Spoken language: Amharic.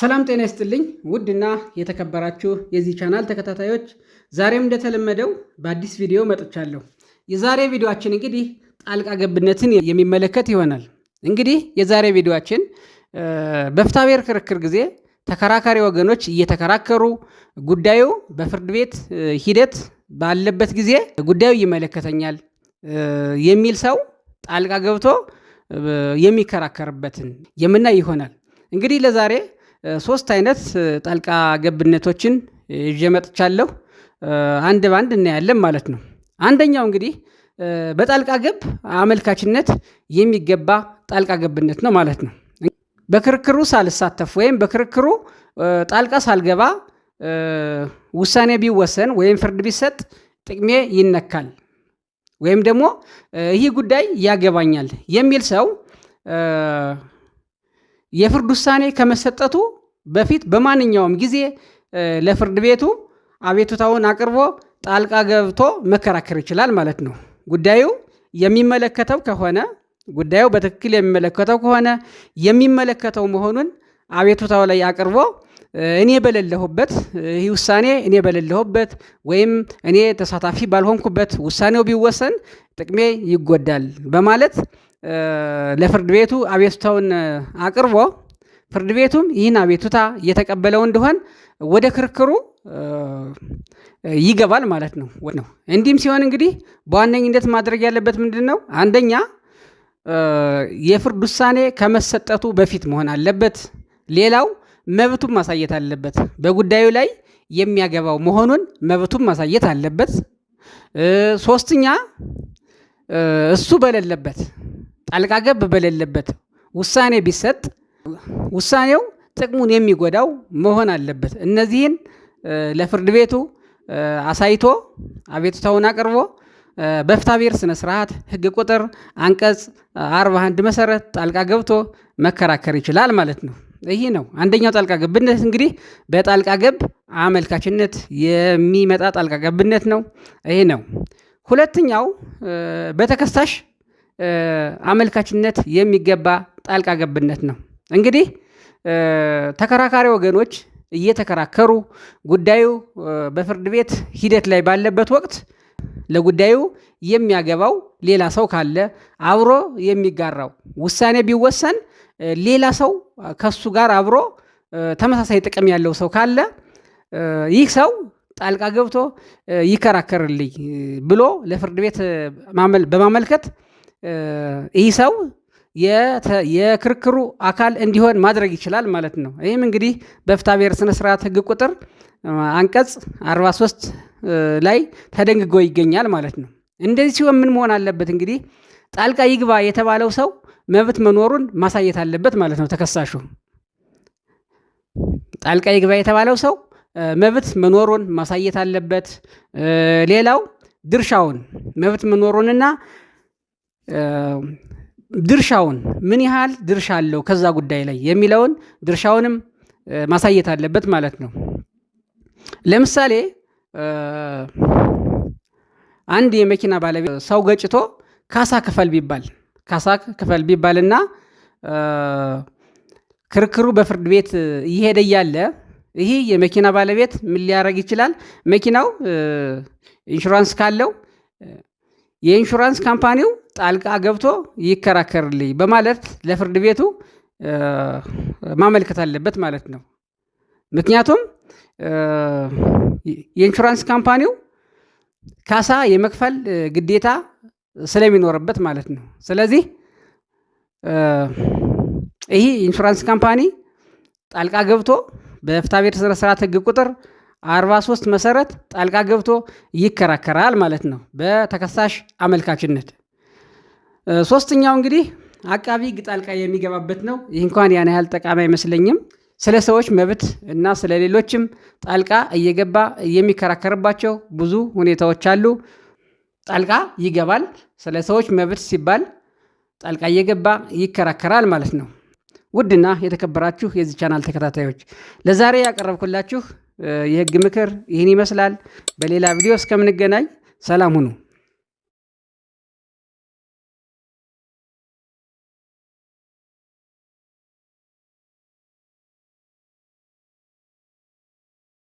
ሰላም ጤና ይስጥልኝ ውድና የተከበራችሁ የዚህ ቻናል ተከታታዮች፣ ዛሬም እንደተለመደው በአዲስ ቪዲዮ መጥቻለሁ። የዛሬ ቪዲዮችን እንግዲህ ጣልቃ ገብነትን የሚመለከት ይሆናል። እንግዲህ የዛሬ ቪዲዮችን በፍትሐብሔር ክርክር ጊዜ ተከራካሪ ወገኖች እየተከራከሩ ጉዳዩ በፍርድ ቤት ሂደት ባለበት ጊዜ ጉዳዩ ይመለከተኛል የሚል ሰው ጣልቃ ገብቶ የሚከራከርበትን የምናይ ይሆናል። እንግዲህ ለዛሬ ሶስት አይነት ጣልቃ ገብነቶችን ይዤ መጥቻለሁ። አንድ በአንድ እናያለን ማለት ነው። አንደኛው እንግዲህ በጣልቃ ገብ አመልካችነት የሚገባ ጣልቃ ገብነት ነው ማለት ነው። በክርክሩ ሳልሳተፍ ወይም በክርክሩ ጣልቃ ሳልገባ ውሳኔ ቢወሰን ወይም ፍርድ ቢሰጥ ጥቅሜ ይነካል ወይም ደግሞ ይህ ጉዳይ ያገባኛል የሚል ሰው የፍርድ ውሳኔ ከመሰጠቱ በፊት በማንኛውም ጊዜ ለፍርድ ቤቱ አቤቱታውን አቅርቦ ጣልቃ ገብቶ መከራከር ይችላል ማለት ነው። ጉዳዩ የሚመለከተው ከሆነ ጉዳዩ በትክክል የሚመለከተው ከሆነ የሚመለከተው መሆኑን አቤቱታው ላይ አቅርቦ እኔ በሌለሁበት ይህ ውሳኔ እኔ በሌለሁበት ወይም እኔ ተሳታፊ ባልሆንኩበት ውሳኔው ቢወሰን ጥቅሜ ይጎዳል በማለት ለፍርድ ቤቱ አቤቱታውን አቅርቦ ፍርድ ቤቱም ይህን አቤቱታ እየተቀበለው እንደሆን ወደ ክርክሩ ይገባል ማለት ነው ነው። እንዲህም ሲሆን እንግዲህ በዋነኝነት ማድረግ ያለበት ምንድን ነው? አንደኛ የፍርድ ውሳኔ ከመሰጠቱ በፊት መሆን አለበት። ሌላው መብቱን ማሳየት አለበት። በጉዳዩ ላይ የሚያገባው መሆኑን መብቱን ማሳየት አለበት። ሶስተኛ እሱ በሌለበት ጣልቃ ገብ በሌለበት ውሳኔ ቢሰጥ ውሳኔው ጥቅሙን የሚጎዳው መሆን አለበት። እነዚህን ለፍርድ ቤቱ አሳይቶ አቤቱታውን አቅርቦ በፍትሐ ብሔር ስነ ስርዓት ህግ ቁጥር አንቀጽ አንድ መሰረት ጣልቃ ገብቶ መከራከር ይችላል ማለት ነው። ይህ ነው አንደኛው ጣልቃ ገብነት። እንግዲህ በጣልቃ ገብ አመልካችነት የሚመጣ ጣልቃ ገብነት ነው። ይህ ነው ሁለተኛው በተከሳሽ አመልካችነት የሚገባ ጣልቃ ገብነት ነው። እንግዲህ ተከራካሪ ወገኖች እየተከራከሩ ጉዳዩ በፍርድ ቤት ሂደት ላይ ባለበት ወቅት ለጉዳዩ የሚያገባው ሌላ ሰው ካለ አብሮ የሚጋራው ውሳኔ ቢወሰን ሌላ ሰው ከሱ ጋር አብሮ ተመሳሳይ ጥቅም ያለው ሰው ካለ ይህ ሰው ጣልቃ ገብቶ ይከራከርልኝ ብሎ ለፍርድ ቤት በማመልከት ይህ ሰው የክርክሩ አካል እንዲሆን ማድረግ ይችላል ማለት ነው። ይህም እንግዲህ በፍትሐ ብሔር ስነ ስርዓት ህግ ቁጥር አንቀጽ 43 ላይ ተደንግጎ ይገኛል ማለት ነው። እንደዚህ ሲሆን ምን መሆን አለበት? እንግዲህ ጣልቃ ይግባ የተባለው ሰው መብት መኖሩን ማሳየት አለበት ማለት ነው። ተከሳሹ ጣልቃ ይግባ የተባለው ሰው መብት መኖሩን ማሳየት አለበት። ሌላው ድርሻውን መብት መኖሩንና ድርሻውን ምን ያህል ድርሻ አለው ከዛ ጉዳይ ላይ የሚለውን ድርሻውንም ማሳየት አለበት ማለት ነው። ለምሳሌ አንድ የመኪና ባለቤት ሰው ገጭቶ ካሳ ክፈል ቢባል ካሳ ክፈል ቢባልና ክርክሩ በፍርድ ቤት እየሄደ እያለ ይህ የመኪና ባለቤት ምን ሊያደርግ ይችላል? መኪናው ኢንሹራንስ ካለው የኢንሹራንስ ካምፓኒው ጣልቃ ገብቶ ይከራከርልኝ በማለት ለፍርድ ቤቱ ማመልከት አለበት ማለት ነው። ምክንያቱም የኢንሹራንስ ካምፓኒው ካሳ የመክፈል ግዴታ ስለሚኖርበት ማለት ነው። ስለዚህ ይህ ኢንሹራንስ ካምፓኒ ጣልቃ ገብቶ በፍትሐብሔር ስነ ስርዓት ቁጥር 43 መሰረት ጣልቃ ገብቶ ይከራከራል ማለት ነው በተከሳሽ አመልካችነት። ሶስተኛው እንግዲህ አቃቢ ሕግ ጣልቃ የሚገባበት ነው። ይህ እንኳን ያን ያህል ጠቃሚ አይመስለኝም። ስለ ሰዎች መብት እና ስለ ሌሎችም ጣልቃ እየገባ የሚከራከርባቸው ብዙ ሁኔታዎች አሉ። ጣልቃ ይገባል። ስለ ሰዎች መብት ሲባል ጣልቃ እየገባ ይከራከራል ማለት ነው። ውድና የተከበራችሁ የዚህ ቻናል ተከታታዮች ለዛሬ ያቀረብኩላችሁ የህግ ምክር ይህን ይመስላል። በሌላ ቪዲዮ እስከምንገናኝ ሰላም ሁኑ።